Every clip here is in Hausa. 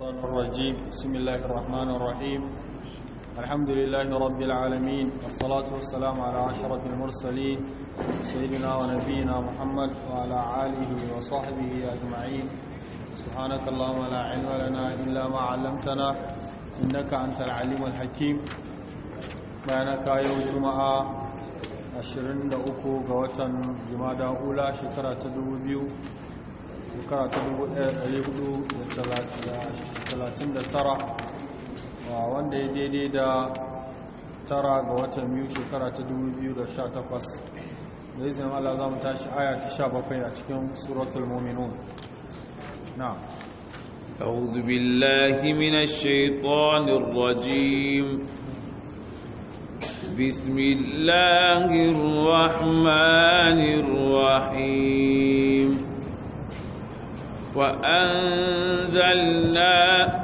الشيطان الرجيم بسم الله الرحمن الرحيم الحمد لله رب العالمين والصلاة والسلام على عشرة المرسلين سيدنا ونبينا محمد وعلى آله وصحبه أجمعين سبحانك اللهم لا علم لنا إلا ما علمتنا إنك أنت العليم الحكيم بينك يوم جمعة 23 ga watan jumada ula shekara ta 2000 shekara ta 439 wanda ya daidai da tara ga watan biyu shekara ta 2018 da izinin Allah za mu tashi aya ta 17 a cikin suratul muminun na أعوذ بالله من الشيطان الرجيم بسم الله الرحمن الرحيم وأنزلنا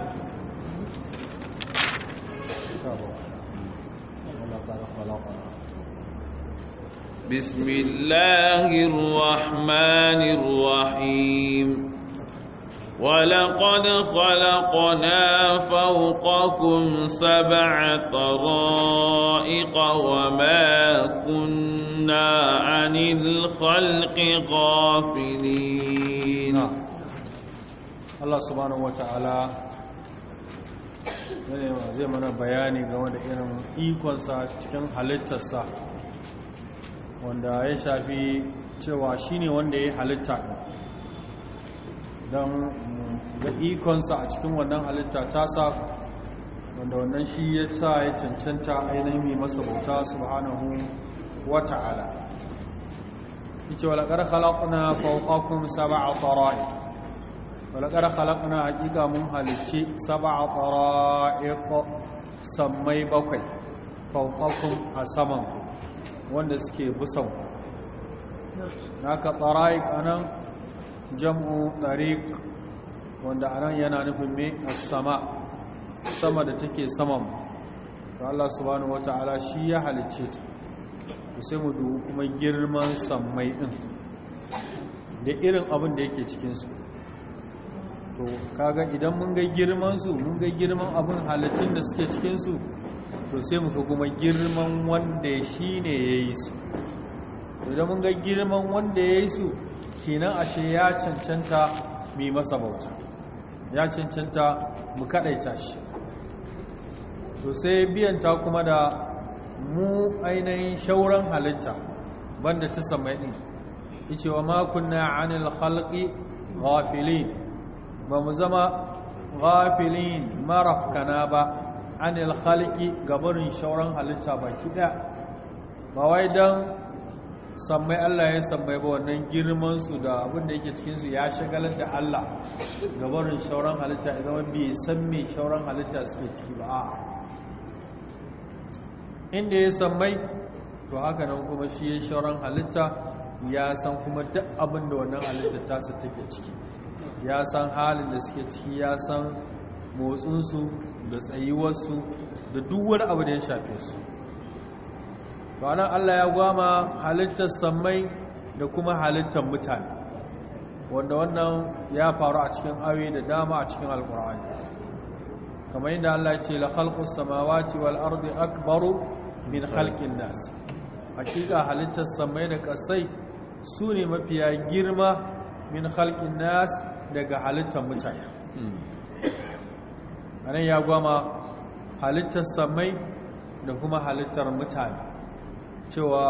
بسم الله الرحمن الرحيم ولقد خلقنا فوقكم سبع طرائق وما كنا عن الخلق غافلين نعم. Allah subhanahu wata'ala zai mana bayani game da irin ikonsa cikin halittarsa wanda ya shafi cewa shine wanda ya halitta don da ikonsa a cikin wannan halitta tasa wanda wannan shi ya sa ya cancanta ainihin mai masa bauta subhanahu wata'ala ita walaƙar halakuna fauƙakun saba'a fara'i walakar halakuna hakika mun halicci saba a ƙara'iko sammai bakwai faukakun a saman wanda suke busan ka ƙara'ik a nan jam'u ɗari wanda a nan yana nufin mai a sama sama da take saman ta Allah subhanahu wata ala shi ya halicce ta sai mu dubu kuma girman sammai ɗin da irin abin da yake cikinsu to kaga idan mun ga girman su mun ga girman abin halittun da suke cikin su to sai muka kuma girman wanda shi ne ya yi su idan mun ga girman wanda ya yi su kenan ashe ya cancanta mai masa bauta ya cancanta mu kaɗaita shi to sai biyanta kuma da mu ainihin shauran halitta banda ta samai wa makon na anil halƙi ghafilin ba mu zama ghafilin marafkana ba anil khalqi gabarin shauran halitta ba, kida ba wai dan sammai Allah ya sammai ba wannan girman su da abin da yake cikin su ya shagalar da Allah gabarin shauran halitta idan bai san mai shauran halitta suke ciki ba a inda ya sammai to haka nan kuma shi ya shauran halitta ya san kuma duk abin da wannan halitta tasa take ciki ya san halin da suke ciki ya san motsinsu da tsayuwarsu da duk wani abu da ya shafe su ranar allah ya gwama halittar sammai da kuma halittar mutane wanda wannan ya faru a cikin awi da dama a cikin alkur'ani kamar yadda allah ya ce la halkun samawati wal ardi akbaru min halkin nas hakika halittar sammai da kasai su ne mafiya girma min halkin nas daga halittar mutane hmm. anan ya gwama halittar samai da kuma halittar mutane cewa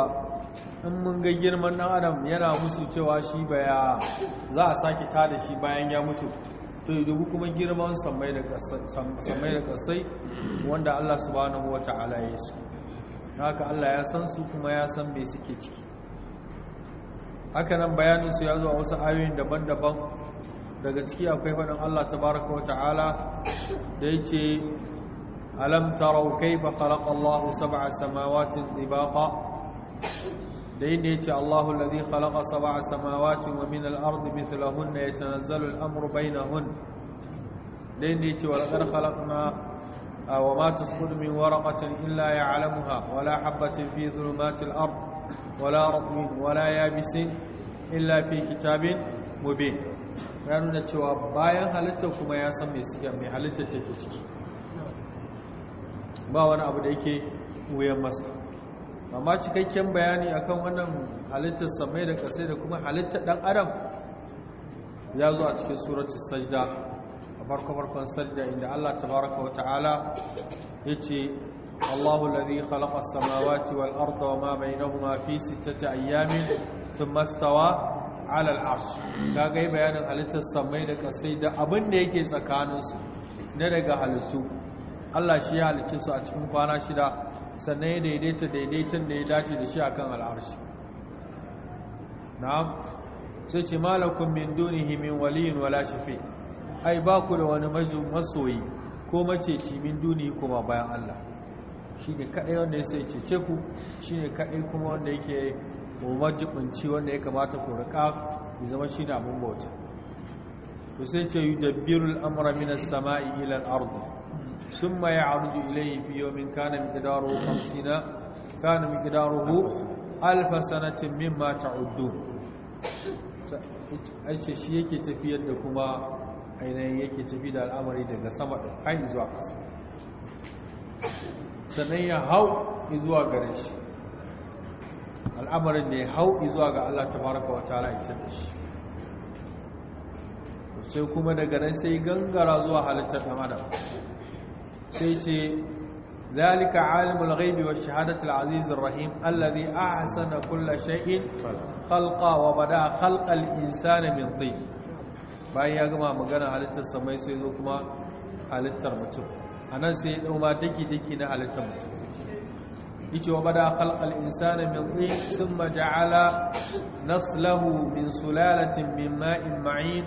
in mun ga girman dan adam yana musu cewa shi baya za a sake tada shi bayan ya mutu to dubu kuma girman samai da kasai wanda Allah subhanahu wa ta'ala ya su haka Allah ya san su kuma ya san me suke ciki haka nan bayanin su ya zo a wasu ayoyin daban-daban daga ciki akwai faɗin Allah tabaraka wa ta'ala da yake alam tarau kaifa khalaqa Allahu sab'a samawatin tibaqa da yin yace Allahu alladhi khalaqa sab'a samawatin wa min al-ardi mithlahunna yatanazzalu al-amru bainahun da yin yace wa laqad khalaqna وما تسقط من ورقة إلا يعلمها ولا حبة في ظلمات الأرض ولا رطب ولا يابس إلا في كتاب مبين ya nuna cewa bayan halitta kuma ya san mai siga mai halittar take ciki ba wani abu da yake wuyan masa amma cikakken bayani akan wannan halittar samai da kasai da kuma halittar dan adam ya zo a cikin suratun sajda a farko-farkon sajda inda Allah tabaraka wa ta'ala yace Allahu alladhi khalaqa as-samawati wal arda mai ma bainahuma fi ayyamin sun mastawa. alal arsh ga yi bayanin halittar samai da kasai da abin da yake tsakaninsu na daga halittu Allah shi ya halicce su a cikin kwana shida sannan ya daidaita daidaitan da ya dace da shi akan al'arshi na'am sai ce malakun min dunihi min waliyin wala shafi ai ba ku da wani masoyi ko maceci min dunihi kuma bayan Allah shi ne kaɗai wanda ya sai ce ku shi ne kaɗai kuma wanda yake ko majibinci wanda ya kamata ku riƙa ya zama shi ne abin bauta ku sai ce yi birul amura minas sama'i ilan ardu sun ma ya arju ilayhi fi yomin gidaro hamsina 50 gidaro hu alfa sanatin mimma ta ai aice shi yake tafiyar da kuma ainihin yake tafi da al'amari daga sama da kai zuwa ƙasa sannan ya hau zuwa gare shi al'amarin da ya hau zuwa ga Allah tabaraka wa ta'ala ya da shi sai kuma daga nan sai gangara zuwa halittar ɗan adam sai ce zalika alimul ghaibi wa shahadatul azizu rahim alladhi ahsana kulla shay'in khalqa wa bada khalqal insani min tin bayan ya gama magana halittar samai sai zo kuma halittar mutum anan sai ya dau daki daki na halittar mutum yace wa bada khalqal insana min tin thumma ja'ala naslahu min sulalatin min ma'in ma'in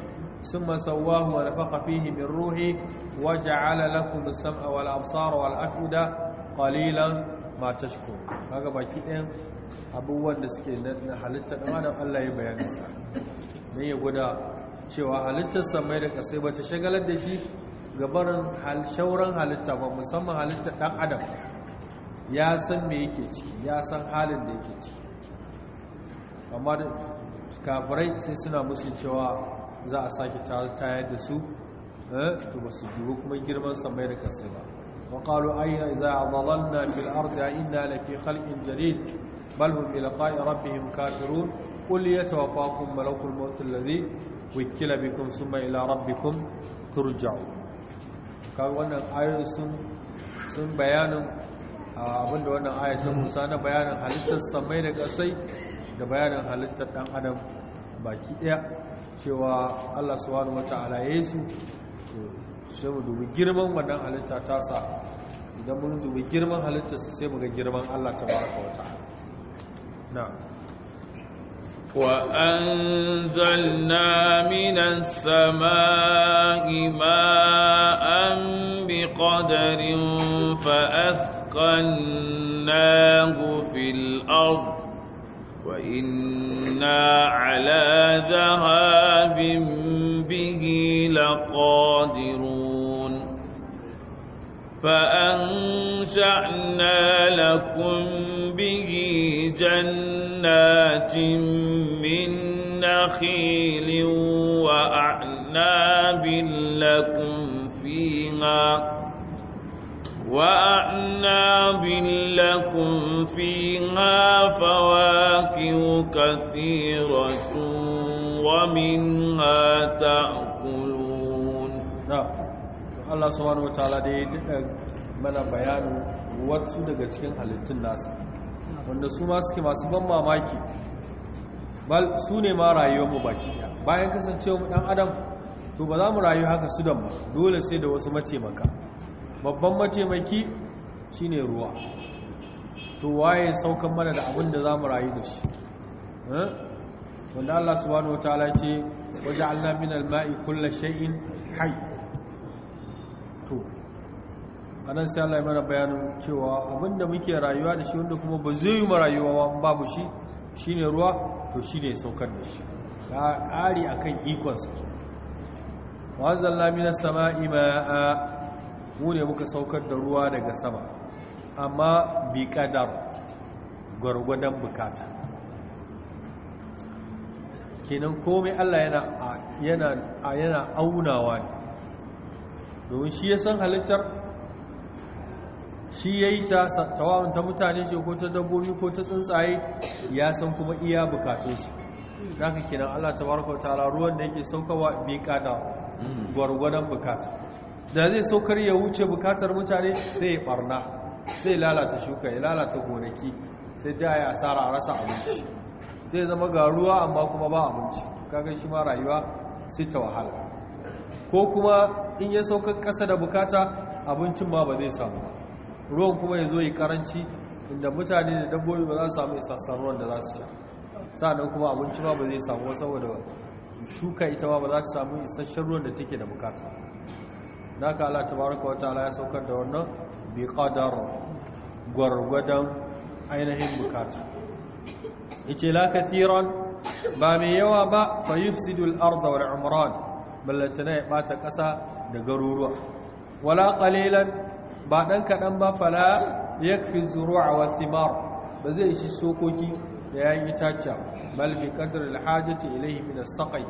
thumma sawwahu wa nafaqa fihi min ruhi wa ja'ala lakum as-sam'a wal absara wal afida qalilan ma tashkur kaga baki ɗayan abubuwan da suke na halitta da madan Allah ya bayyana sa dan ya guda cewa halittar samai da kasai bata shagalar da shi gabarin shauran halitta ba musamman halittar dan adam ya san me yake ci, ya san halin da yake ci. amma kafirai sai suna musu cewa za a sake tayar da su eh, to ba su dubu kuma girman samai da kasai ba wa za a zalanna fil arda inna lafi halin jarin balbun filaka a rabihim kafirun kulli ya tawafa kun malakul motar lazi wikila bikin sun mai ila rabikun turja'u wannan ayon sun bayanin abinda wannan ayatun musa na bayanin halittar samai da kasai da bayanin halittar dan adam baki daya cewa allah Su wa ta'ala ya yi su sai mu dubi girman wannan halitta tasa idan mun dubi girman su sai mu ga girman allah ta baraka wa ta'ala na'am وأنزلنا من السماء ماء بقدر فأسقى مكناه في الأرض وإنا على ذهاب به لقادرون فأنشأنا لكم به جنات من نخيل وأعناب لكم فيها وأعناب لكم فيها فواكه كثيرة ومنها تأكلون Allah subhanahu wataala dai من mana bayanin wasu daga cikin halittun nasa wanda su ma suke masu ban mamaki bal su ne ma rayuwar mu baki bayan kasancewa ɗan adam to ba za mu rayu haka su ba dole sai da wasu mataimaka babban mataimaki shine ruwa to waye saukan mana da abin da zamu rayu da shi eh? wanda Allah subhanahu wataala ce waja'alna min al-ma'i kulli shay'in hayy to anan sai Allah ya mana bayanin cewa abin da muke rayuwa da shi wanda kuma ba zai yi rayuwa ba babu shi shine ruwa to shine saukan da shi ka kari akan ikon sa wa anzalna sama'i ma'a mu ne muka saukar da ruwa daga sama amma bi kadar gwargwadon bukata kenan komai Allah yana aunawa ne domin shi ya san halittar shi ya yi ta mutane ce ko ta dabbobi ko ta tsuntsaye ya san kuma iya bukatunsu za ka kenan Allah ta baraka ta ruwan da yake saukawa bi kadar hmm. gwargwadon bukata da zai saukar ya wuce bukatar mutane sai ya barna sai lalata shuka ya lalata gonaki sai da ya asara a rasa abinci zai zama ga ruwa amma kuma ba abinci kaga shi ma rayuwa sai ta wahala ko kuma in ya saukar ƙasa da bukata abincin ma ba zai samu ba ruwan kuma ya zo yi karanci inda mutane da dabbobi ba za su samu isassan ruwan da za su sha nan kuma abinci ma ba zai samu saboda shuka ita ma ba za ta samu isasshen ruwan da take da bukata da aka Allah tabaraka wa ta'ala ya saukar da wannan bi qadar gwargwadon ainihin bukata yace la kathiran ba mai yawa ba fa yufsidu al-ard wal umran ballatana ya bata kasa da garuruwa wala qalilan ba dan kadan ba fala yakfi zuru'a wa thimar ba zai ishi sokoki da yayin itaciya bal bi qadri al-hajati ilayhi min as-saqi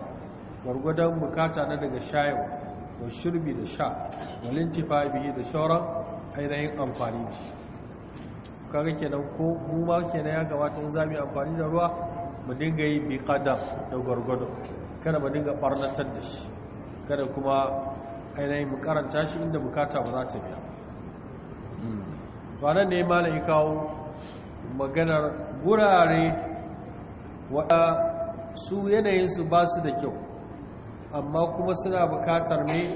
gwargwadon bukata na daga shayarwa wa shirbi da sha walintifa biyu da shauran ainihin amfani da shi kaga kenan ko mu ma kenan ya gabata in za mu yi amfani da ruwa mu dinga yi bi kada da gwargwado kada mu dinga barnatar da shi kada kuma ainihin mu karanta shi inda bukata ba za ta biya ba nan ne malam kawo maganar gurare waɗa su yanayinsu ba su da kyau amma kuma suna bukatar ne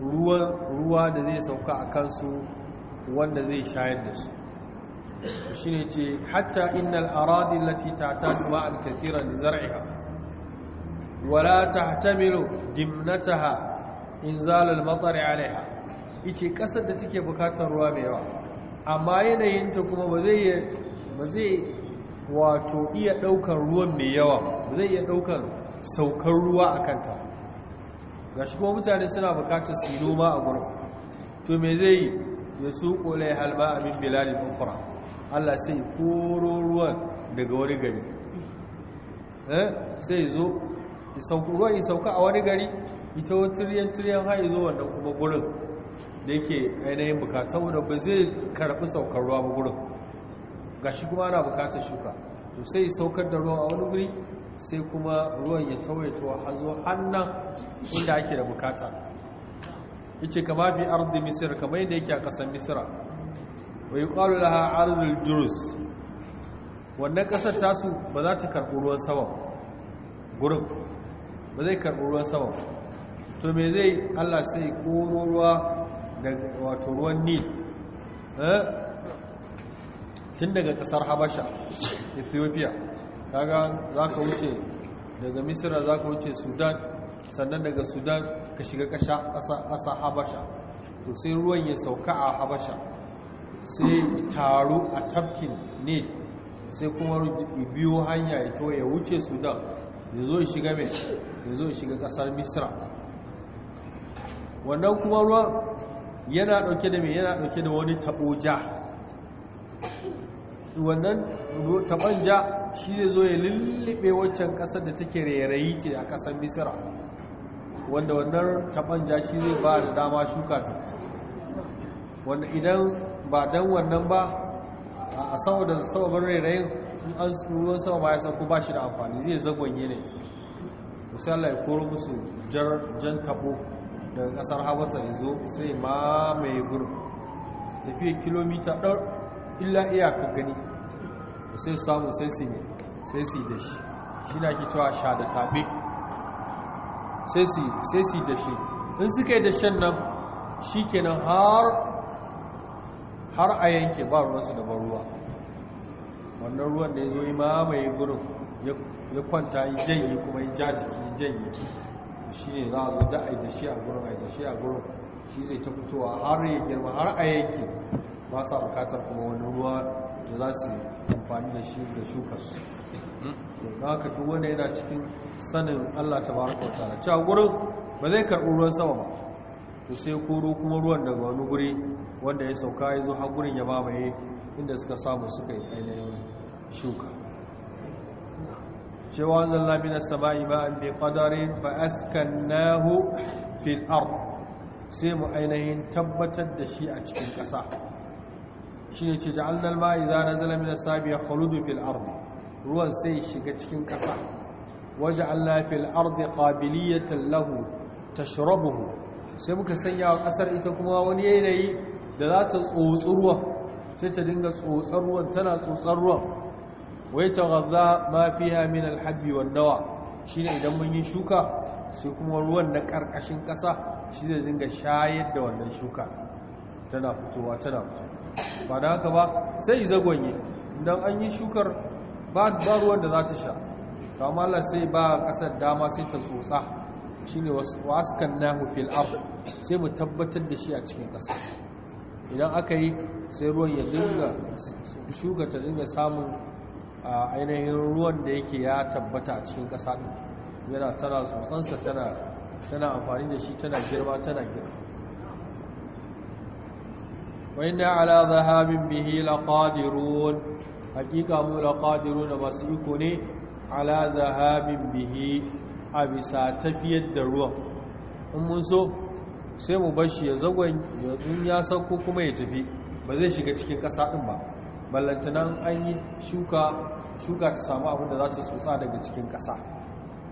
ruwa da zai sauka a kansu wanda zai shayar da su shi ne ce hatta innal aradi lati tatadu ma'an kathiran li zar'iha wala ta tahtamilu dimnataha inzal al-matar 'alayha ice kasar da take bukatar ruwa mai yawa amma yanayinta kuma ba zai ba wato iya daukar ruwan mai yawa ba zai iya daukar saukar ruwa a kanta ga shi kuma mutane suna bukatar su yi noma a gurin to me zai yi ya su kolai halma abin bilalin ufura allah sai koro ruwan daga wani gari eh? sai zo ruwan ya sauka a wani gari ita turiyan-turiyan haini zo wannan kuma gurin da yake ainihin bukata wadda ba zai karfi saukar ruwa ba gurin ga shi kuma ana bukatar shuka to sai saukar da ruwa a wani guri sai kuma ruwan ya tawaitowa har zuwa hannun inda ake da bukata yace kama fi ardi misir kamar yadda yake a kasar Misira. wa yuqalu laha ardil jurus wannan kasar tasu ba za ta karɓi ruwan sama gurin ba zai karɓi ruwan sama to me zai Allah sai koro ruwa da wato ruwan Nil eh? tun daga kasar Habasha Ethiopia kaga za ka wuce daga misira za ka wuce sudan sannan daga sudan ka shiga ƙasa habasha to sai ruwan ya sauka a habasha sai taru a tafkin ne sai kuma biyo hanya ya to ya wuce sudan ya zo shiga mai ya zo shiga ƙasar misira wannan kuma ruwan yana ɗauke da mai yana ɗauke da wani taɓoja wannan taɓon ja shi zai zo ya lullube waccan kasar da take rairayi ce a kasar misira wanda wannan ja shi zai ba da dama shuka ta wanda idan ba don wannan ba a da sababin rairayin in an ruwan sama ba ya sauko ba shi da amfani zai zagonye ne misali ya koro musu jan tabo daga kasar habasa ya zo sai mamaye gurin tafiya kilomita ɗar illa iyaka gani da sai samu sai su sai su da shi shi na ke cewa sha da tabe sai su da shi tun suka yi da shan nan shi kenan har a yanke ba ruwansu da ruwa wannan ruwan da ya zo yi mamaye gurin ya kwanta yi janye kuma yi jajiki yi janye shi ne za a zo da a yi da shi a gurin a yi da shi a gurin shi zai ta fitowa har ya girma har a yanke ba sa bukatar kuma wani ruwa da za su amfani da shi da shukarsu ga ka duk wanda yana cikin sanin Allah ta baraka wa ta'ala cewa gurin ba zai karɓi ruwan sama ba to sai koro kuma ruwan daga wani guri wanda ya sauka ya zo har gurin ya mamaye inda suka samu suka yi ainihin shuka cewa zalla min na samai ma'an bi ba fa askannahu fil sai mu ainihin tabbatar da shi a cikin ƙasa shine ce ja'alnal ma'a idza nazala min as-sabi fil ardi ruwan sai shiga cikin ƙasa Allah fil ardi qabiliyatan lahu tashrabuhu sai muka sanya wa ƙasar ita kuma wani yanayi da za ta tsotsi ruwan sai ta dinga tsotsar ruwan tana tsotsar ruwan wai ta gaza ma fiha min al-habbi wan dawa shine idan mun yi shuka sai kuma ruwan na ƙarƙashin ƙasa shi zai dinga shayar da wannan shuka tana fitowa tana fitowa ba da haka ba sai zagonye don an yi shukar ba ruwan da za ta sha ta mala sai ba ƙasar dama sai ta tsotsa shi ne waskan hufil fil sai mu tabbatar da shi a cikin ƙasa idan aka yi sai ruwan ya dinga shuka ta dinga samun ainihin ruwan da yake ya tabbata a cikin ƙasa ɗin yana tana tsotsansa tana amfani da shi tana girma tana girma wa inna ala dhahabin bihi laqadirun hakika mu laqadiruna masu iko ne ala dhahabin bihi a bisa tafiyar da ruwan in mun so sai mu bashi ya zagon ya ya sauko kuma ya tafi ba zai shiga cikin ƙasa ɗin ba ballantanan an yi shuka shuka ta samu abin da za ta tsotsa daga cikin ƙasa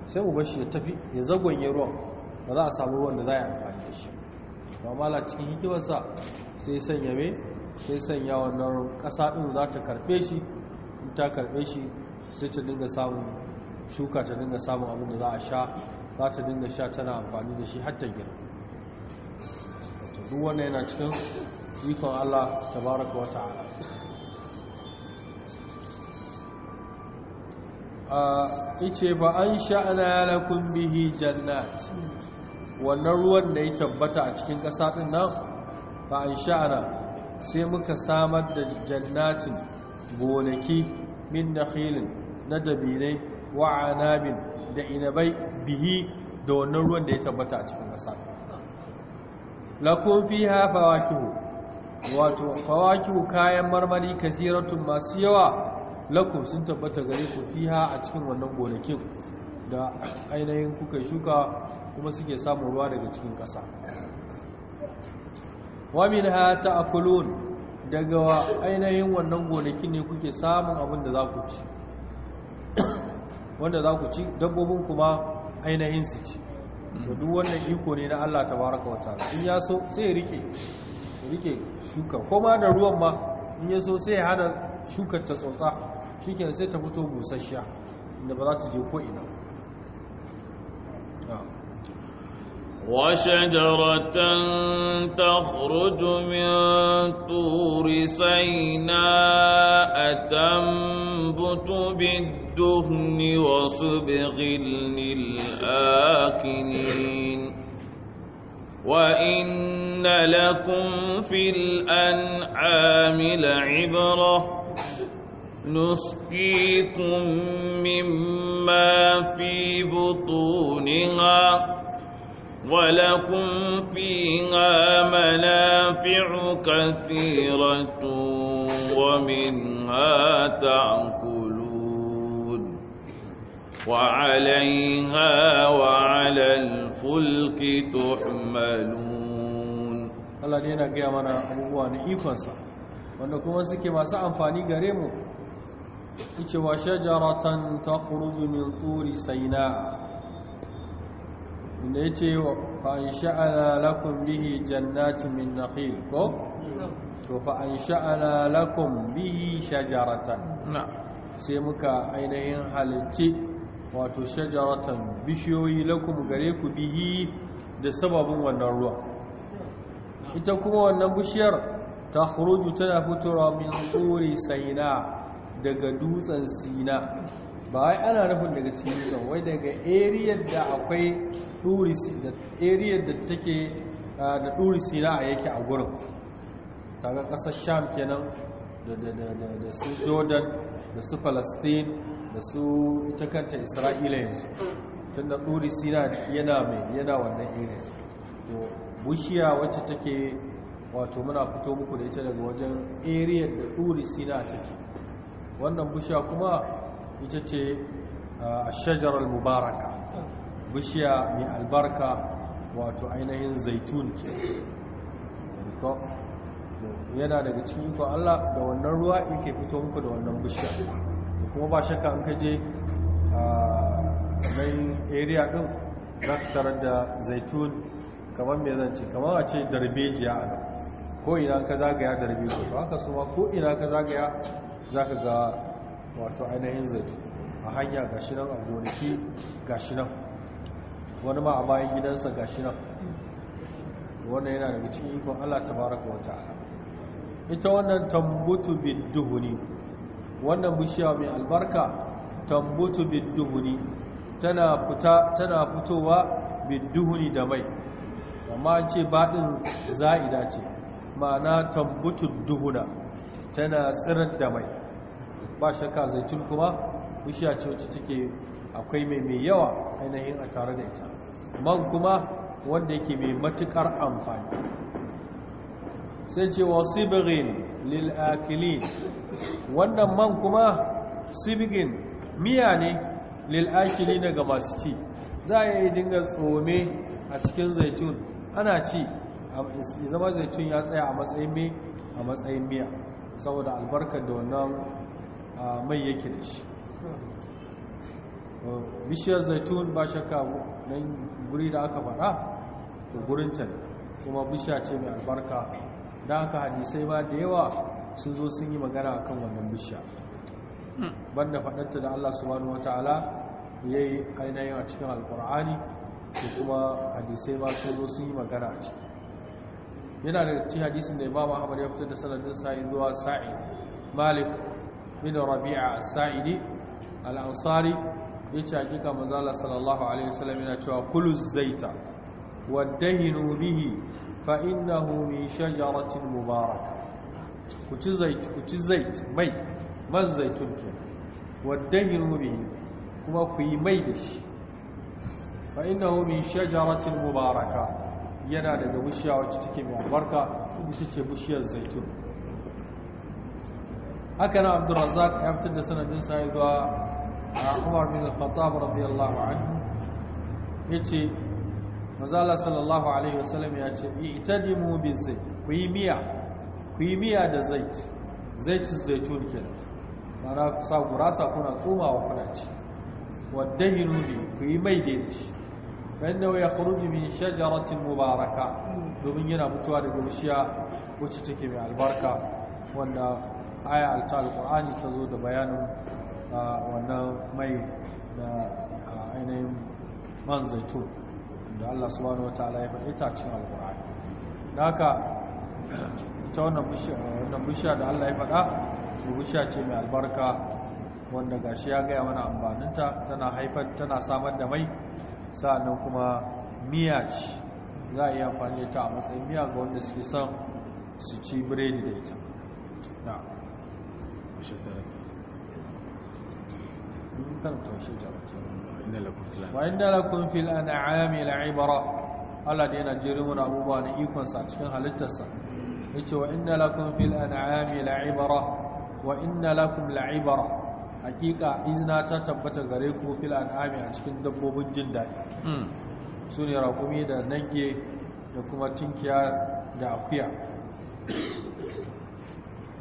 sai mu bashi ya tafi ya zagon ya ruwan ba za a samu ruwan da za a yi amfani da shi ba mala cikin hikimarsa sai sanya mai sai sanya wannan ƙasa ɗin za ta karfe shi in ta karfe shi sai ta dinga samun shuka ta dinga samun abin da za a sha za ta dinga sha tana amfani da shi hatta girma duk wannan yana cikin ikon Allah wata ala a ice ba an sha'ana lakum bihi jannat wannan ruwan da ya tabbata a cikin ƙasa ɗin nan fa an sha'ana sai muka samar da jannatin gonaki min filin, na dabinai wa anabin da inabai bihi da wannan ruwan da ya tabbata a cikin ƙasa fi ha fawakihu wato fawakihu kayan marmari kathiratun masu yawa lakon sun tabbata gare ku ha a cikin wannan gonakin da ainihin kuka shuka kuma suke samun ruwa daga cikin ƙasa wa ta akulun daga ainihin wannan gonaki ne kuke samun abin da za ku ci wanda za ku ci dabbobin kuma ainihin su ci duk wannan iko ne na Allah ta baraka wata in ya so sai ya rike rike shuka ma da ruwan ma in ya so sai ya hana shukar ta tsotsa shikenan sai ta fito busasshiya inda ba za ta je ko ina وشجرة تخرج من طور سيناء تنبت بالدهن وصبغ للآكلين وإن لكم في الأنعام لعبرة نسقيكم مما في بطونها ولكم فيها منافع كثيرة ومنها تأكلون وعليها وعلى الفلك تحملون الله دينا قيامنا أبوان إيقنصا وأنكم وزكي ما فاني قريمو إيش وشجرة تخرج من طور سيناء da ya ce fa an sha'ana bihi jannatin min ko to fa an sha'ana bihi shajaratan sai muka ainihin halicci wato shajaratan bishiyoyi lakum gare ku bihi da sababin wannan ruwa ita kuma wannan bishiyar ta huruju tana fitowa min tsori saina daga dutsen sina ba wai ana nufin daga cikin wai daga eriyar da akwai da area da take da ɗuri yake a gurin kaga ƙasar sham kenan da su jordan da su palestine da su ita kanta isra'ila yanzu tun da ɗuri sina'a yana mai yana wannan area to bushiya wacce take wato muna fito muku da ita daga wajen area da ɗuri ta take wannan bushiya kuma ita ce a shajarar mubaraka bishiya mai albarka wato ainihin zaitun yana daga cikin ko Allah da wannan ruwa yake fito muku da wannan bishiya kuma ba shakka an kaje a main area din za ka tarar da zaitun kamar mai zance kamar a ce darbejiya a nan ko ina ka zagaya darbejiya to haka su ko ina ka zagaya za ka ga wato ainihin zaitun a hanya gashi nan a gonaki gashi nan wani ma a bayan gidansa ga shi nan wanda yana daga cikin ikon Allah ta baraka wata ita wannan tambutu bin duhuni, wannan bishiya mai albarka tambutu bin tana tana fitowa bin duhuni da mai amma ce baɗin za'ida ce ma'ana tambutu duhuna tana tsirar da mai ba shakka zaitun kuma bishiya ce wacce take akwai mai mai yawa ainihin a tare da ita man kuma wanda yake mai matukar amfani sai ce wa sibirin lil'akili wannan man kuma sibirin miya ne lil'akili daga masu ci za a yi dinga tsome a cikin zaitun ana ci zama zaitun ya tsaya a matsayin mai a matsayin miya saboda albarkar da wannan mai yake da shi bishiyar zaitun ba shakka nan guri da aka faɗa da gurin can kuma bishiya ce mai albarka da aka hadisai ba da yawa sun zo sun yi magana akan wannan bishiya banda faɗanta da Allah subhanahu wataala ya yi ainihin a cikin alkur'ani da kuma hadisai ba sun zo sun yi magana a ciki yana da cikin hadisin da imam ahmad ya fitar da sanadin sa'in zuwa sa'in malik bin rabi'a as-sa'idi al-ansari ya ce hakika manzala sallallahu alaihi wasallam yana cewa kulu zaita waddahinu bihi fa innahu min shajaratin mubarak ku ci zait ku ci zait mai man zaitun ke waddahinu bihi kuma ku yi mai da shi fa innahu min shajaratin mubaraka yana daga bishiya wacce take mai albarka ita ce bishiyar zaitun haka na abdurrazzaq ya fitar da sanadin sa a umar bin al-khattab radiyallahu anhu yace manzala sallallahu alaihi wasallam ya ce itadimu bi zai ku yi miya ku yi miya da zait zait zaitun kenan bara ku sa gurasa kuna tsumawa kuna ci wadahinu bi ku yi mai da shi فإنه يخرج من شجرة mubaraka. domin yana mutuwa daga bishiya wacce take mai albarka wanda aya alta alqur'ani ta zo da bayanin wannan mai da ainihin man zaitun da Allah subhanahu wa ta'ala ya faɗi tacin alƙur'ani da haka ita wannan bishiya da Allah ya faɗa su bishiya ce mai albarka wanda gashi ya gaya mana amfaninta tana haifar tana samar da mai sa'annan kuma miya ce za a yi amfani da ta a matsayin miya ga wanda suke son su ci biredi da ita na karanta shajara wa inda lakum fil an'ami la'ibara Allah da yana jirin wani abubuwa na ikonsa cikin halittarsa yace wa inna lakum fil an'ami la'ibara wa inna lakum la'ibara hakika izina ta tabbata gare ku fil an'ami a cikin dabbobin jin daɗi hmm. su ne raƙumi da nage da kuma tinkiya da akuya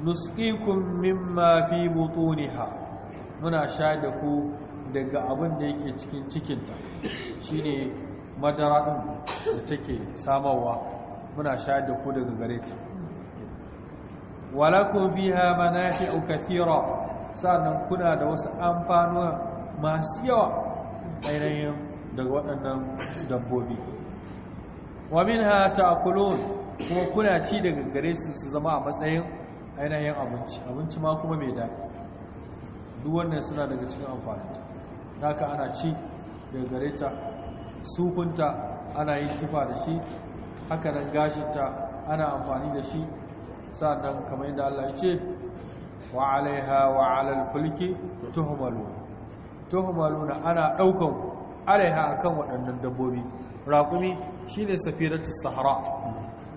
nusqikum mimma fi butuniha muna sha da ku daga abin da yake cikin cikinta shine madara ɗin da take samarwa muna sha da ku daga gare ta walakun fiha manafi'u kathira sa'adun kuna da wasu amfanuwa masu yawa ainihin daga waɗannan dabbobi ha ta ta'kulun kuma kuna ci daga gare su su zama a matsayin ainihin abinci abinci ma kuma mai daɗi duk wannan suna daga cikin amfaninta haka ana ci da gare ta sukunta ana yin tufa da shi haka nan gashinta ana amfani da shi nan kamar yadda Allah ya ce wa alaiha wa alal kulki tuhmalu na ana daukan alaiha akan waɗannan dabbobi raƙumi shine safiratu sahara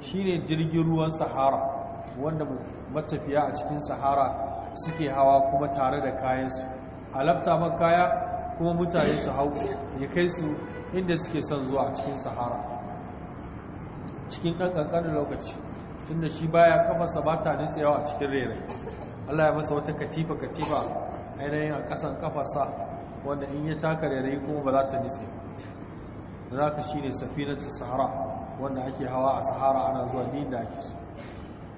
shine jirgin ruwan sahara wanda matafiya a cikin sahara suke hawa kuma tare da kayansu alabta man kaya kuma mutane su hau ya kai su inda suke son zuwa cikin sahara cikin ɗan ƙanƙanin lokaci tunda shi baya kafasa ba ta nitsayawa a cikin rere allah ya masa wata katifa katifa ainihin a ƙasan kafarsa wanda in ya taka rere kuma ba za ta nitse da za ka shi ne safinatu sahara wanda ake hawa a sahara ana zuwa ni da ake so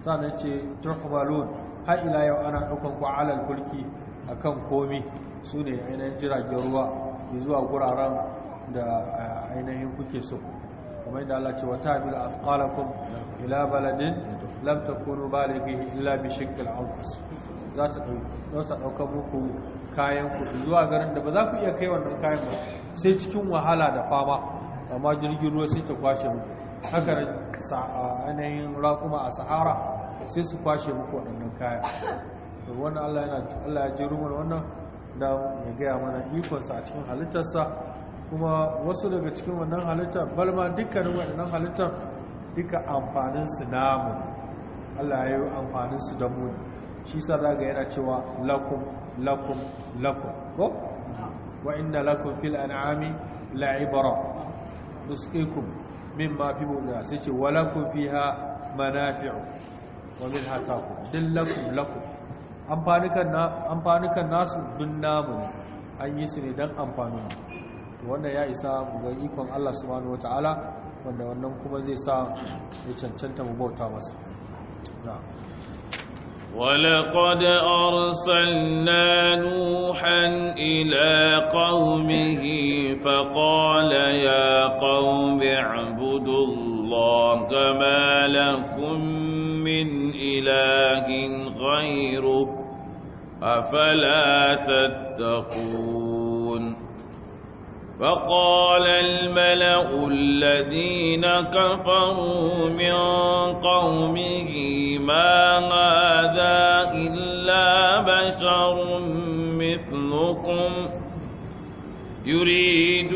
sannan ce turkumalon har ila yau ana ɗaukan ku alal kulki kan komi su ne ainihin jiragen ruwa zuwa guraren da ainihin kuke so kuma inda Allah ce wata bil afqalakum ila baladin lam takunu balighi illa bi shiqqil anfus za ta dauka dauka muku kayan ku zuwa garin da ba za ku iya kai wannan kayan ba sai cikin wahala da fama amma jirgin ruwa sai ta kwashe mu haka ainihin raƙuma a sahara sai su kwashe muku waɗannan kaya da wani allah yana allah ya je rumar wannan da ya gaya mana ikonsa a cikin halittarsa kuma wasu daga cikin wannan halittar balma dukkanin waɗannan halittar duka amfaninsu namu allah ya yi amfaninsu da mu shi sa za ga yana cewa lakum lakum lakum ko wa inna lakum fil an'ami la'ibara nusqikum mimma fi buda sai ce walakum fiha manafi'u wa min ku duk lakum lakum amfanukan nasu dun namu ne an yi su ne don amfanin wanda ya isa ga ikon Allah subhanahu wata'ala wanda wannan kuma zai sa ya cancanta mu bauta masa ولقد أرسلنا نوحا إلى قومه فقال يا قوم اعبدوا الله كما لكم من إله غيره أفلا تتقون فقال الملأ الذين كفروا من قومه ما هذا إلا بشر مثلكم يريد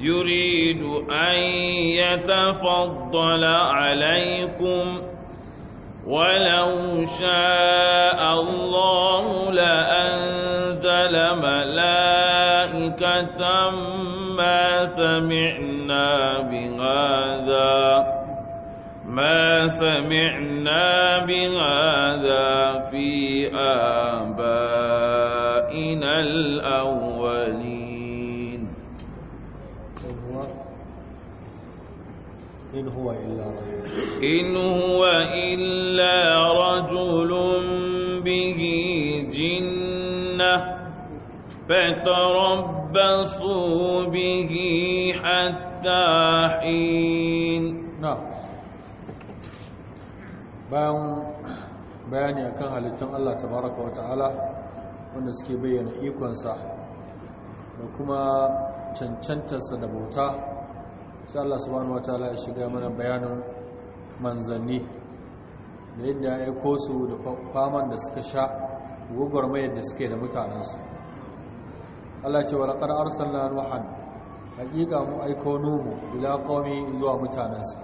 يريد أن يتفضل عليكم ولو شاء الله لأنزل ملائكة ما سمعنا بهذا ما سمعنا بهذا في آبائنا الأول إن هو إلا رجل إن هو إلا رجل به جنة فتربصوا به حتى حين نعم بيان بيان يكن هل الله تبارك وتعالى ونسكي بيان إيقوان صح وكما تنتنتس دبوتا sai Allah subhanahu wataala ya shiga mana bayanin manzanni da yadda ya ko su da faman da suka sha mai yadda suke da mutanensu Allah ce wa laqad arsalna ruhan hakika mu aiko nuhu ila qaumi zuwa mutanensa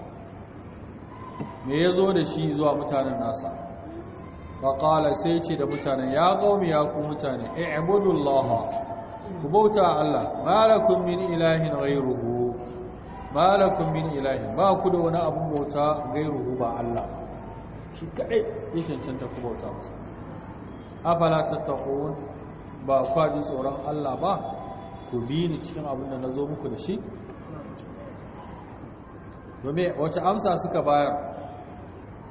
me yazo da shi zuwa mutanen nasa faqala sai ce da mutanen ya qaumi ya ku mutane i'budullaha ku bauta Allah ma lakum min ilahin ghayruhu malakun min ilahi ba ku da wani abin bauta gairu ba Allah shi kaɗai ya cancanta ku bauta masa afala tattaqun ba kwajin tsoron Allah ba ku bi ni cikin abin da na zo muku da shi domin wace amsa suka bayar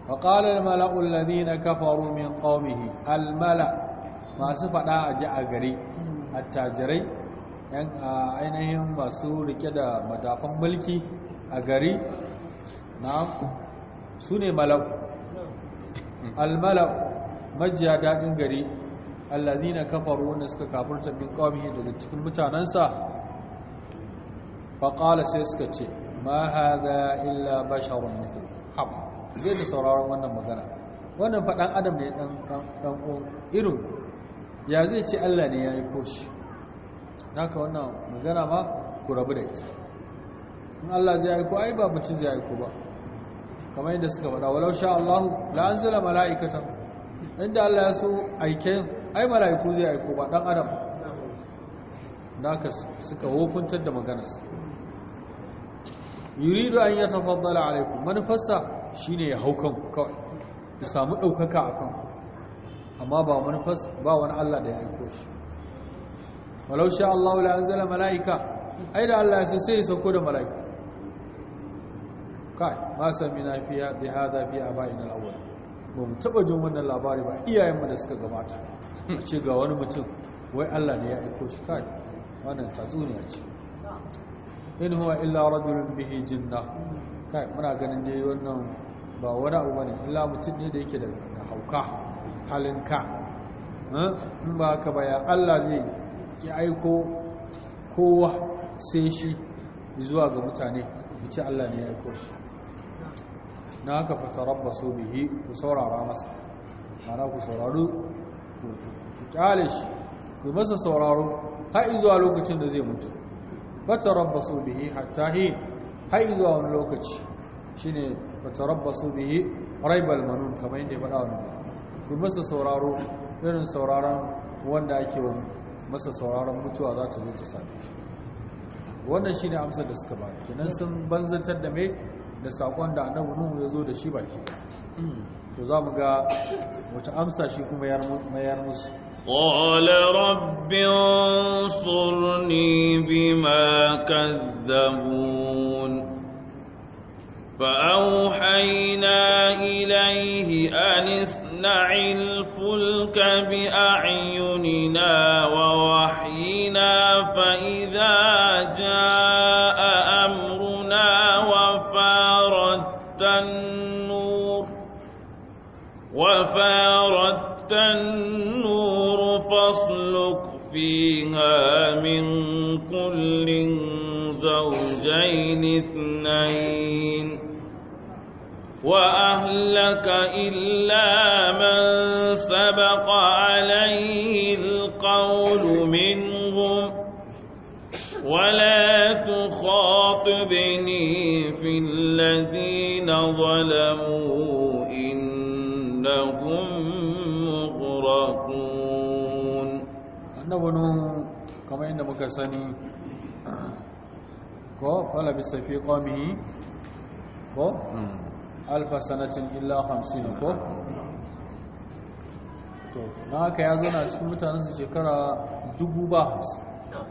وقال الملأ الذين كفروا من masu الملأ a ji a gari attajirai ainihin masu rike da madafan mulki a gari na su ne malau almalau majiya daɗin gari allazi na kafaru wanda suka kafurta min ƙwamihi daga cikin mutanensa faƙala sai suka ce ma haza illa basharun mutum ham zai da sauraron wannan magana wannan faɗan adam ne ɗan irin ya zai ce allah ne ya yi koshi naka wannan magana ma ku rabu da ita in Allah zai aiko ai ba mutum zai aiko ba kamar yadda suka faɗa walau sha Allah la anzala mala'ikatan inda Allah ya so aiken ai mala'iku zai aiko ba dan adam naka suka wofuntar da maganarsa yuridu an yatafaddala alaikum manufarsa shine ya haukan kawai ta samu daukaka akan amma ba manufas ba wani Allah da ya aiko shi walau sha wula an anzala malaika ai da Allah sai sai sauko da malaika kai ma samina fiya bi hada fi a bayan al’awar ba mu taba jin wannan labari ba iyayenmu da suka gabata a ce ga wani mutum wai Allah ne ya aiko shi kai wannan tatsuniya ce in huwa illa rajulun bihi jinna kai muna ganin dai wannan ba wani abu bane illa mutum ne da yake da hauka halinka in ba ka ba ya Allah zai ya aiko kowa sai shi zuwa ga mutane wuce Allah ne ya aiko shi na haka rabba so bihi ku saurara masa mana ku sauraru ku kyale shi ku masa sauraro har zuwa lokacin da zai mutu rabba so bihi hatta hi har zuwa wani lokaci shi ne fata rabba so bihi raibal manun kamar yadda ya faɗa wani ku masa sauraro irin sauraron wanda ake wani masa sauraron mutuwa za ta zo ta same shi wannan shi ne amsar da suka ba kenan sun banzantar da mai da saƙon da annabu nuhu ya zo da shi ke to za mu ga wata amsa shi kuma mayar musu قال رب انصرني بما كذبون فأوحينا إليه أن اصنع الفلك بأعيننا ووحينا فإذا جاء أمرنا وفاردت النور وفاردت النور فاصلك فيها من كل زوجين اثنين وأهلك إلا من سبق عليه القول منهم ولا تخاطبني في الذين ظلموا إنهم مغرقون أنه كما عندما كساني ko fala bisa fi qawmihi alfa sanatin illa hamsin ko to na haka ya zo na cikin mutanensu shekara dubu ba hamsin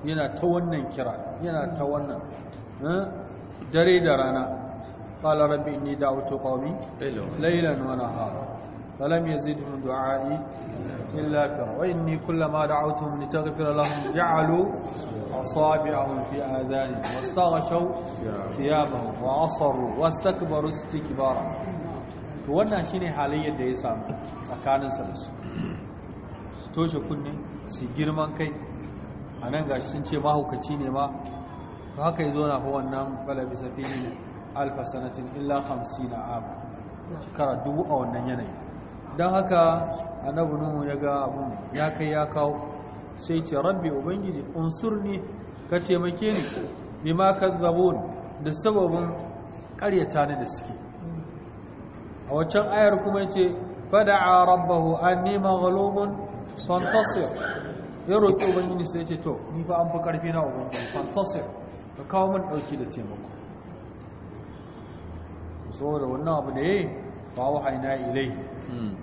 yana ta wannan kira yana ta wannan eh, dare da rana قال رب إني دعوت lailan wani haɗu. فلم يزدهم دعائي إلا كر وإني كلما دعوتهم لتغفر لهم جعلوا أصابعهم في آذانهم واستغشوا ثيابهم وعصروا واستكبروا استكبارا وانا شيني حاليا da ya samu tsakaninsa da su toshe kunne su girman kai a nan gashi sun ce mahaukaci ne ma haka yi zo na fa wannan balabi safihin alfa sanatin illa abu dubu a wannan yanayi don haka annabi nuhu ya ga abun ya kai ya kawo sai ce rabbi ubangiji unsurni ka taimake ni bima kazzabun da sababin karyata ni da suke a waccan ayar kuma yace fada'a rabbahu anni maghlubun fantasir ya roki ubangiji sai ce to ni fa an fi karfi na ubangiji fantasir ka kawo min ɗauki da taimako saboda wannan abu ne ba wahaina ilai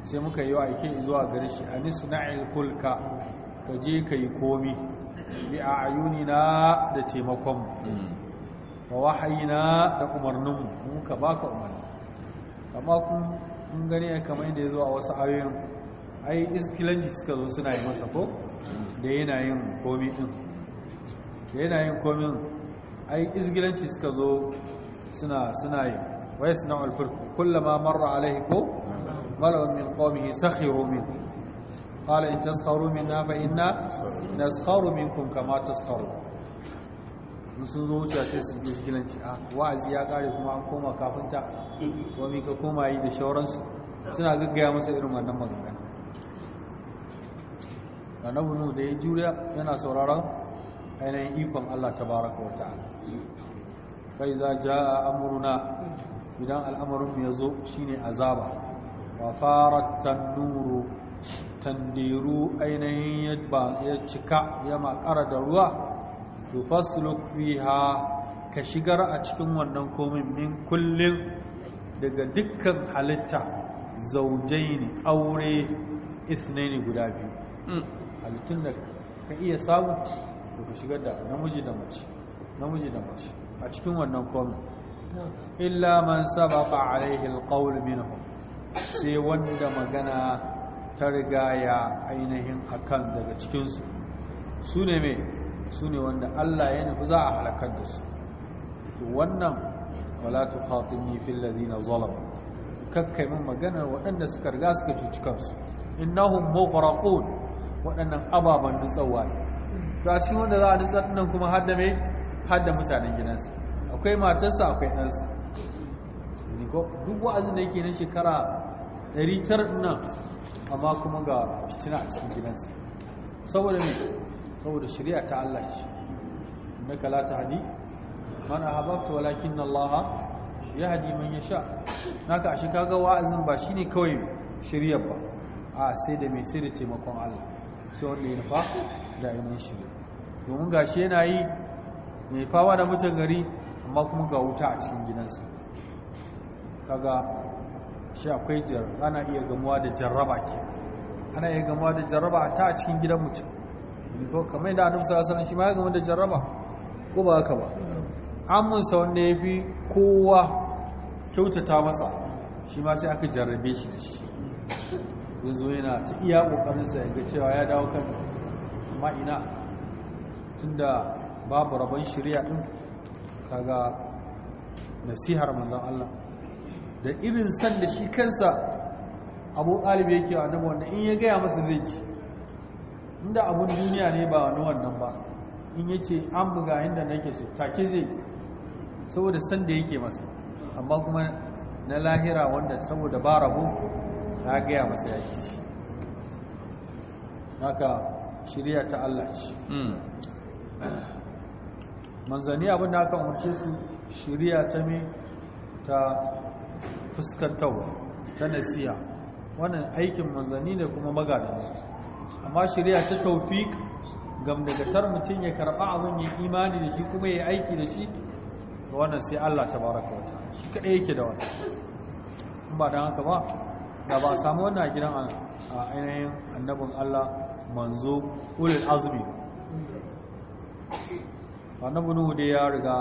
sai muka yi wa aike zuwa gari shi a na'il fulka ka je ka yi komi bi a ayuni na da taimakon wa wahayi na da umarnin muka ka umarni amma kun gani ya kamar inda ya zo a wasu ayoyin ai iskilanci suka zo suna yi masa ko da yanayin komi din da yanayin komi ai iskilanci suka zo suna suna yi wai suna alfur kullama marra alaihi ko ملأ من قومه سخروا منه قال إن تسخروا منا فإنا نسخر منكم كما تسخروا sun zo wuce sai su isgilanci a wa'azi ya kare kuma an koma kafinta ko mika koma yi da shauransu suna gaggaya masa irin wannan magana na nu da ya juriya yana sauraron ainihin ikon Allah ta baraka wa ta'ala za a jaa amuruna idan al'amarin mu yazo shine azaba wa farat tannuru tandiru ainihin ya cika ya makara da ruwa tufasluk fiha ka shigar a cikin wannan komin min kullum daga dukkan halitta zaujai ne aure isnai guda biyu halittun da ka iya samu da ka shigar da namiji da mace namiji da mace a cikin wannan komin illa man sababa alaihi alqawl minhum sai wanda magana ta rigaya ainihin akan daga cikinsu su ne mai su ne wanda Allah ya nufi za a halakar da su to wannan wala tukhatibni fil ladina zalamu kakkai mun magana waɗanda suka riga suka cuci kansu innahum mughraqun waɗannan ababan nutsawa ne to a cikin wanda za a nutsar nan kuma har da mai har da mutanen gidansa akwai matarsa akwai ɗansa duk wa'azin da yake na shekara ɗari tar nan amma kuma ga fitina a cikin gidansa saboda ne saboda shari'a ta Allah ce innaka la tahdi man ahbabta walakin Allah hadi man yasha naka ashe kaga wa'azin ba shine kawai shari'a ba a sai da mai sai da taimakon Allah sai wanda ya nufa da ainihin shari'a domin gashi yana yi mai fama da mutan gari amma kuma ga wuta a cikin gidansa kaga shi akwai jar ana iya gamuwa da jarraba ke ana iya gamuwa da jarraba ta a cikin gidan mutum ko kamar yadda annabi sallallahu alaihi shi ma ya gamu da jarraba ko ba haka ba sa wanda ya fi kowa kyautata masa shi ma sai aka jarrabe shi da shi ya zo yana ta iya kokarin ya ga cewa ya dawo kan amma ina tunda babu rabon shirya ɗin kaga nasihar manzon Allah da irin san da shi kansa abu ɗalib yake wa annabi wanda in ya gaya masa zai ci inda abun duniya ne ba wani wannan ba in ya ce an buga inda nake so take zai saboda san da yake masa amma kuma na lahira wanda saboda ba rabo ya gaya masa ya ci haka shirya ta Allah ci. Hmm. manzanni abin da aka umarce su shirya ta me ta fuskantarwa ta nasiya wannan aikin manzanni ne kuma magadansu amma shirya ta taufik gamdagatar mutum ya karɓa abin yin imani da shi kuma ya aiki da shi wannan sai Allah ta baraka wata shi kaɗai yake da wata In ba don haka ba da ba a samu wannan gidan a ainihin annabin Allah manzo ulul azumi Wannan nuhu dai ya riga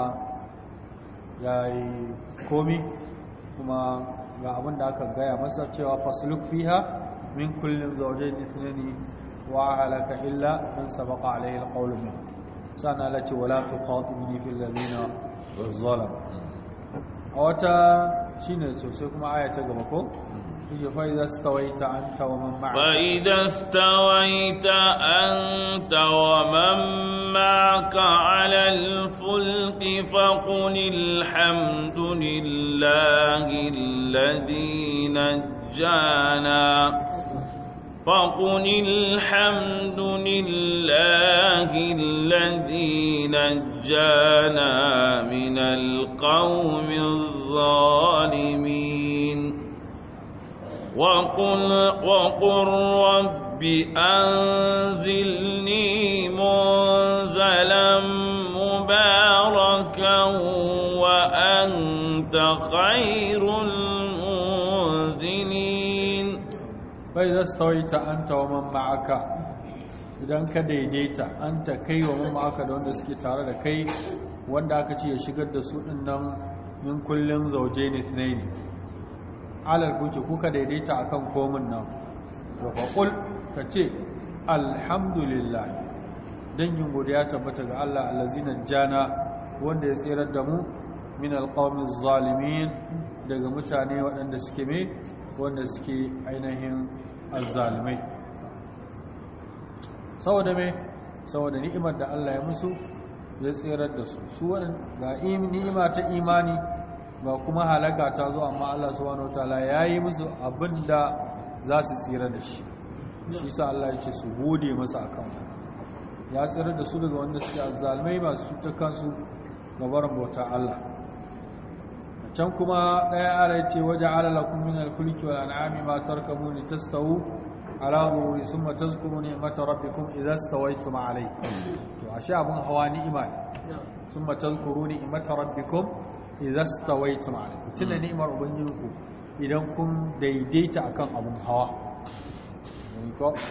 ya yi komi kuma ga abin da aka gaya masa cewa fasluk fiha min kullin zawjayn ithnani wa halaka illa man sabaqa alayhi alqawlu min sana la ce wala tuqatibni fil ladina zalam a wata shine sosai kuma aya ta gaba ko فإذا استويت أنت ومن معك فإذا استويت أنت ومن معك على الفلك فقل الحمد لله الله الذي نجانا فقل الحمد لله الذي نجانا من القوم الظالمين وقل, وقل رب أنزلني منزلا مباركا وأنزلني أنت خير المنزلين فإذا استويت أنت ومن معك idan ka daidaita an ta kai wa mamma aka da wanda suke tare da kai wanda aka ce ya shigar da su nan min kullum zauje ne ne alar kuke kuka daidaita akan komin nan da faƙul ka ce alhamdulillah don yin godiya tabbata ga allah allazinan jana wanda ya tserar da mu min alqawmi zalimin daga mutane waɗanda suke mai wanda suke ainihin azzalimai saboda mai saboda ni'imar da Allah ya musu ya tserar da su su ga ni'ima ta imani ba kuma halaka ta zo amma Allah su wani wata ya yi musu abin da za su tsira da shi shi sa Allah ya ce su gode masa a kan ya tsirar da su daga wanda suke azzalmai masu cutar kansu gabaran bauta Allah can kuma ɗaya ara ce waje alalakun min alfulki wa al'ami ma tarkabu li tastawu ala dhuri thumma tazkuru ni'mata su idza tuma alai. to a sha abin hawa ni'ima thumma tazkuru ni'mata rabbikum idza stawaytum alayh tunda ni'imar ku idan kun daidaita akan abun hawa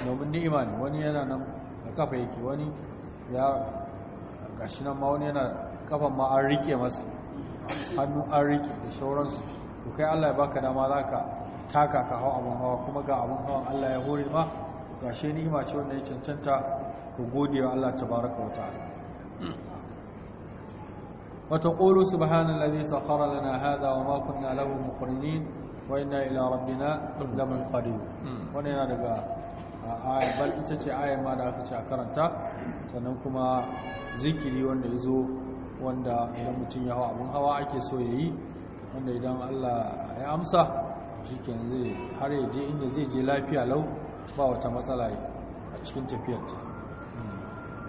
domin ni'ima ne wani yana nan a kafa yake wani ya gashi nan ma wani yana kafan ma an rike masa hannu an rike da shauransu to kai Allah ya baka dama za ka taka ka hau abin hawa kuma ga abin hawan Allah ya hore ma ga shi ma ce wanda ya cancanta ku gode wa Allah ta wata wata ta'ala wa taqulu subhanallazi sakhara lana hadha wa makon na lagun muqrinin wa na ila rabbina lamunqalib wannan yana daga aya bal ita ce ayar ma da aka ce a karanta sannan kuma zikiri wanda ya zo wanda idan mutum ya hau abin hawa ake so ya yi wanda idan allah ya amsa shi zai har ya je inda zai je lafiya lau ba wata matsala a cikin tafiyarta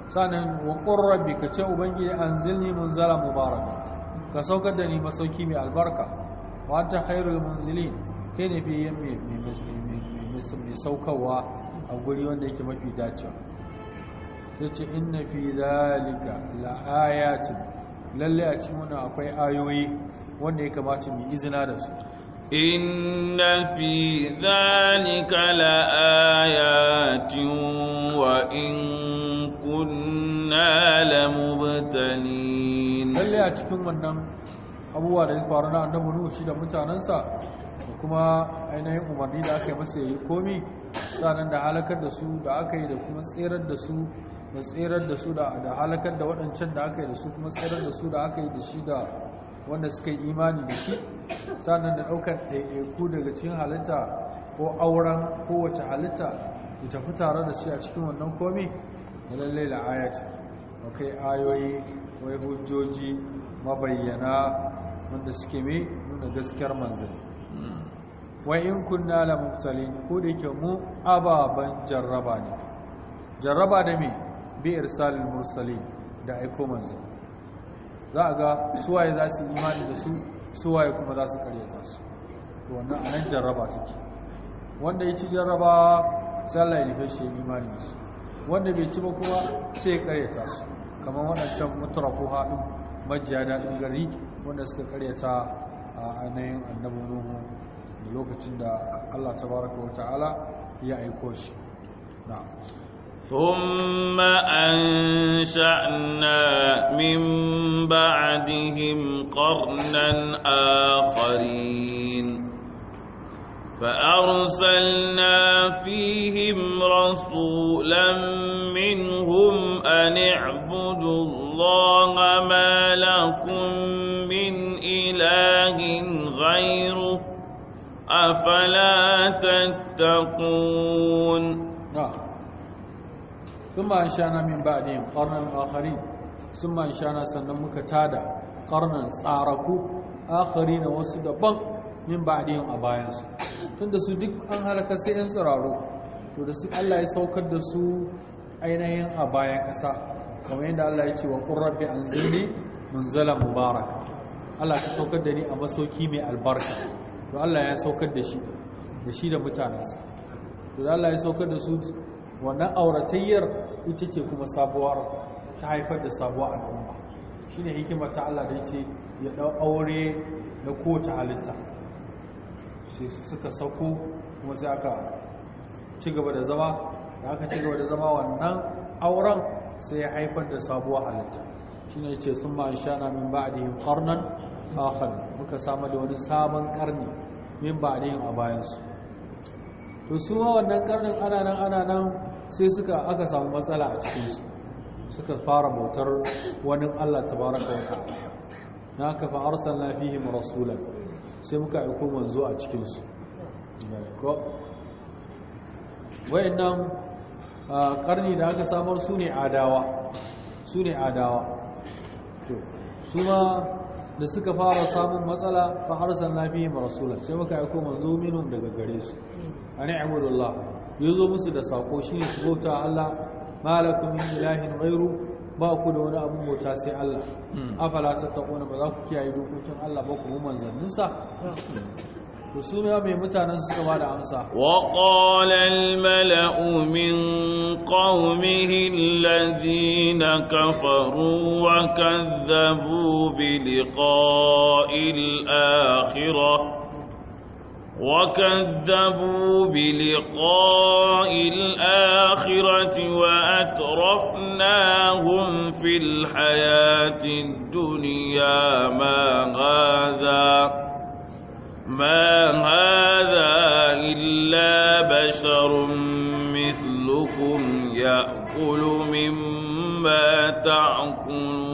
sanin wakon rabbi ka ce ubangiji an zilni munzala mubarak ka saukar da ni masauki mai albarka wata mun zili kai ne fiye mai saukarwa a guri wanda yake mafi dacewa ta ce inna fi zalika la'ayatin lalle a cikin wannan akwai ayoyi wanda ya kamata mu izina da su inna fi dhalika laayatin wa in kunna lamubtalin lalle a cikin wannan abubuwa da ya faru na annabi Nuhu shi da mutanansa kuma ainihin umarni da aka yi masa yayi komi sanan da halakar da su da aka yi da kuma tserar da su ba tsirar da su da da halakar da waɗancan da aka yi da su kuma tsirar da su da aka yi da shi da wanda suka yi imani da shi sannan da ɗaukar ɗaiɗaiku daga cikin halitta ko auren kowace halitta da tafi tare da shi a cikin wannan komi da lallai da ayat akwai ayoyi wai hujjoji mabayyana wanda suke mai nuna gaskiyar manzanni wai in kunna la mubtalin ko da yake mu ababan jarraba ne jarraba da me bi irsalil mursali da aiko manzo za a ga suwaye za su imani da su suwaye kuma za su karyata su to wannan anan jarraba take wanda ya ci jarraba Allah ya nufe shi imani da su wanda bai ci ba kuma sai ya karyata su kamar waɗancan mutarafu haɗin majiya daɗin gari wanda suka karyata a anayin annabu nuhu lokacin da allah tabaraka wa ta'ala ya aiko shi na'am ثم أنشأنا من بعدهم قرنا آخرين فأرسلنا فيهم رسولا منهم أن اعبدوا الله ما لكم من إله غيره أفلا تتقون ثم أنشأنا من بعدهم قرنا آخرين ثم أنشأنا sannan muka tada qarnan tsaraku akharina wasu daban min ba'dihim a bayan su tunda su duk an halaka sai yan tsiraro to da su Allah ya saukar da su ainihin a bayan kasa kamar yadda Allah ya ce wa qur rabbi anzilni munzala mubarak Allah ka saukar da ni a masauki mai albarka to Allah ya saukar da shi da shi da mutanensa to Allah ya saukar da su wannan auratayyar ita ce kuma sabuwar ta haifar da sabuwar al'umma ne hikimar ta Allah da ce ya ɗau aure na kowace halitta sai su suka sauko kuma sai aka ci gaba da zama da aka ci gaba da zama wannan auren sai ya haifar da sabuwar halitta ne ce sun sha na min ba'dihim qarnan akhar muka samu da wani sabon karni min yin a bayansu to su ma wannan karnin ana nan ana nan sai suka aka samu matsala a cikinsu suka fara bautar wani Allah tabaraka wa ta'ala na ka fa arsalna fihim rasulan sai muka aiko manzo a cikin su ko wayannan karni da aka samar su ne adawa su ne adawa to su ma da suka fara samun matsala fa arsalna fihim rasulan sai muka aiko manzo minun daga gare su ani abudullah yazo musu da sako shi ne su bauta Allah malakum min ilahin ghairu ba ku da wani abu bauta sai Allah afala ta taƙona ba za ku kiyaye dokokin Allah ba ku mu manzannin sa to su ya mai mutanen suka ba da amsa wa qala al mala'u min qaumihi alladhina kafaru wa kadhabu bi liqa'il akhirah وكذبوا بلقاء الآخرة وأترفناهم في الحياة الدنيا ما هذا ما هذا إلا بشر مثلكم يأكل مما تعقلون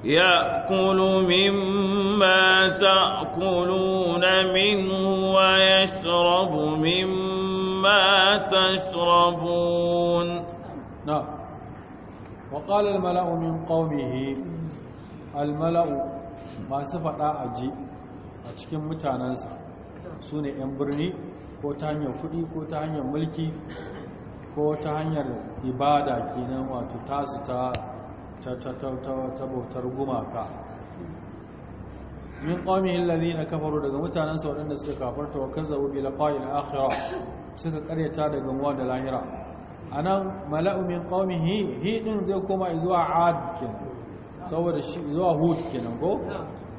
يَأْكُلُ مِمَّا تَأْكُلُونَ مِنْهُ وَيَشْرَبُ مِمَّا تَشْرَبُونَ نعم وقال الملأ من قومه الملأ ما سفدا اجي a cikin mutanansa sune 'yan birni ko ta hanyar kudi ko ta hanyar mulki ko ta hanyar ibada kenan wato tasu ta ta bautar gumaka min qawmihi alladhina kafaru daga mutanen sa waɗanda suka kafarta wa kazzabu bi liqa'il akhirah suka karyata da gamuwa da lahira anan mala'u min qawmihi hi din zai koma zuwa ad kenan saboda shi zuwa hud kenan ko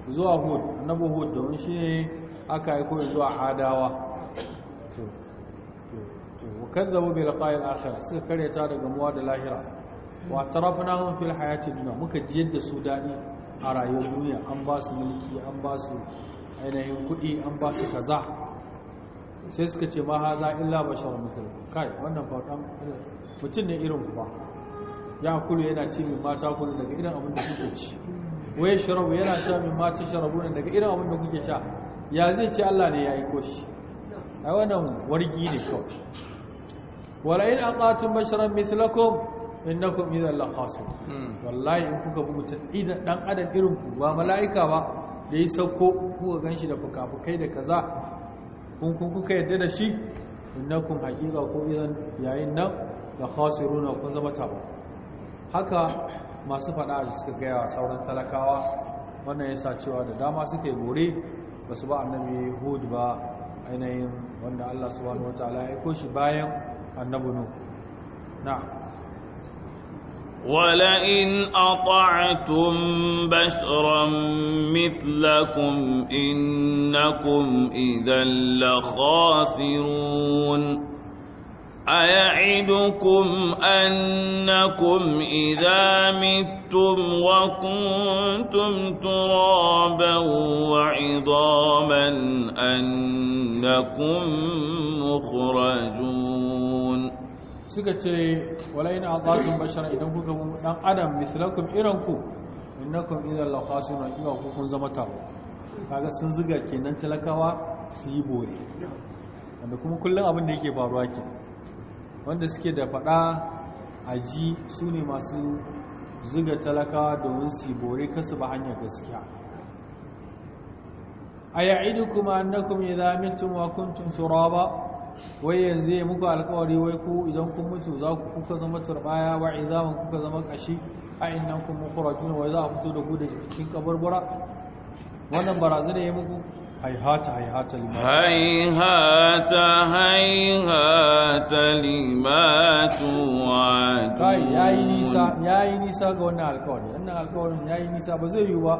zuwa hud annabi hud domin shi ne aka aiko zuwa adawa to to kazzabu bi liqa'il akhirah suka karyata da gamuwa da lahira wa hun fil hayati duniya muka jiyar da su daɗi a rayuwar duniya an ba su mulki an ba su ainihin kuɗi an ba su kaza sai suka ce ma haza illa shawar mutum kai wannan ba mutum ne irin ku ba ya kulu yana ci min mata kulu daga irin abin da kuke ci waye sharabu yana sha min mata sharabu ne daga irin abin da kuke sha ya zai ce Allah ne ya yi shi ai wannan wargi ne kawai wala in aqatum basharan mithlakum innakum idan la khasu hmm. wallahi in kuka bugu ta idan dan adam irin ku ba mala'ika ba da yi sauko kuka ganshi da fukafukai da kaza kun kun kuka yadda da shi innakum haqiqa ko idan yayin nan la khasiruna kun zama tabo haka masu fada suka gaya sauran talakawa wannan yasa cewa da dama suke gore ba su ba annabi hud ba ainihin wanda Allah subhanahu wataala ya aiko shi bayan annabi na'am ولئن أطعتم بشرا مثلكم إنكم إذا لخاسرون أيعدكم أنكم إذا متم وكنتم ترابا وعظاما أنكم مخرجون suka ce wala ina azatun bashara idan kuka mu dan adam mislakum iranku innakum idan la khasirun iwa ku kun zama tabo kaga sun ziga kenan talakawa su yi bore wanda kuma kullum abin da yake faruwa ke wanda suke da fada aji su ne masu zuga talakawa domin su yi bore kasu ba hanyar gaskiya a ya'idu kuma annakum idza mitum wa kuntum turaba wai yanzu ya muku alkawari wai ku idan kun mutu za ku kuka zama turbaya wa izaman kuka zama kashi a innan kun mukhrajun wai za a fito da ku da cikin kabarbura wannan barazana ya muku haihata haihata lima haihata haihata lima tuwatu Ya yayi nisa yayi nisa ga wannan alkawari wannan alkawarin yayi nisa ba zai yi ba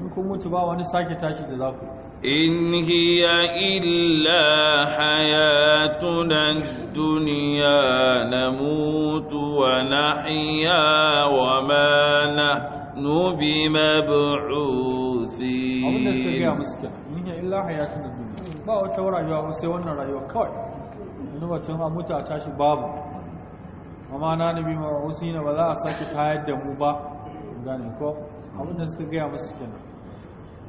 in kun mutu ba wani sake tashi da za ku إن هي إلا حياتنا الدنيا نموت ونحيا وما نحن بمبعوثين abinda suka gaya musu kenan in ya illa hayatun duniya ba wata rayuwa sai wannan rayuwa kawai wani batun a mutu a tashi babu amma na nabi ma'usina ba za a sake tayar da mu ba gane ko abinda suka gaya musu kenan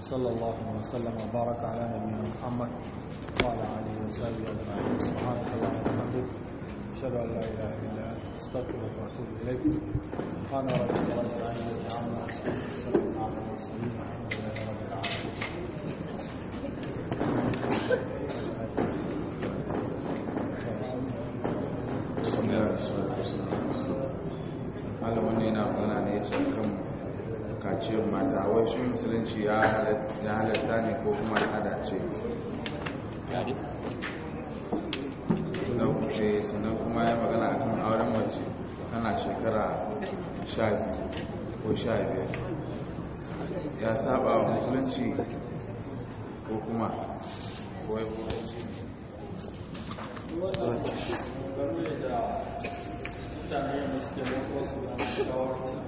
صلى الله وسلم وبارك على نبينا محمد وعلى اله وصحبه اجمعين سبحانك اللهم وبحمدك اشهد ان لا اله الا انت استغفرك واتوب اليك سبحان ربك رب العالمين عما يصفون على المرسلين والحمد لله رب العالمين على من ينام على نيته ce mata wai shi musulunci ya halatta ne ko kuma al'ada ce eh, sannan kuma ya magana a kan auren mace tana shekara sha ko sha biyar ya saba wa musulunci ko kuma wai musulunci wadda da mutane wasu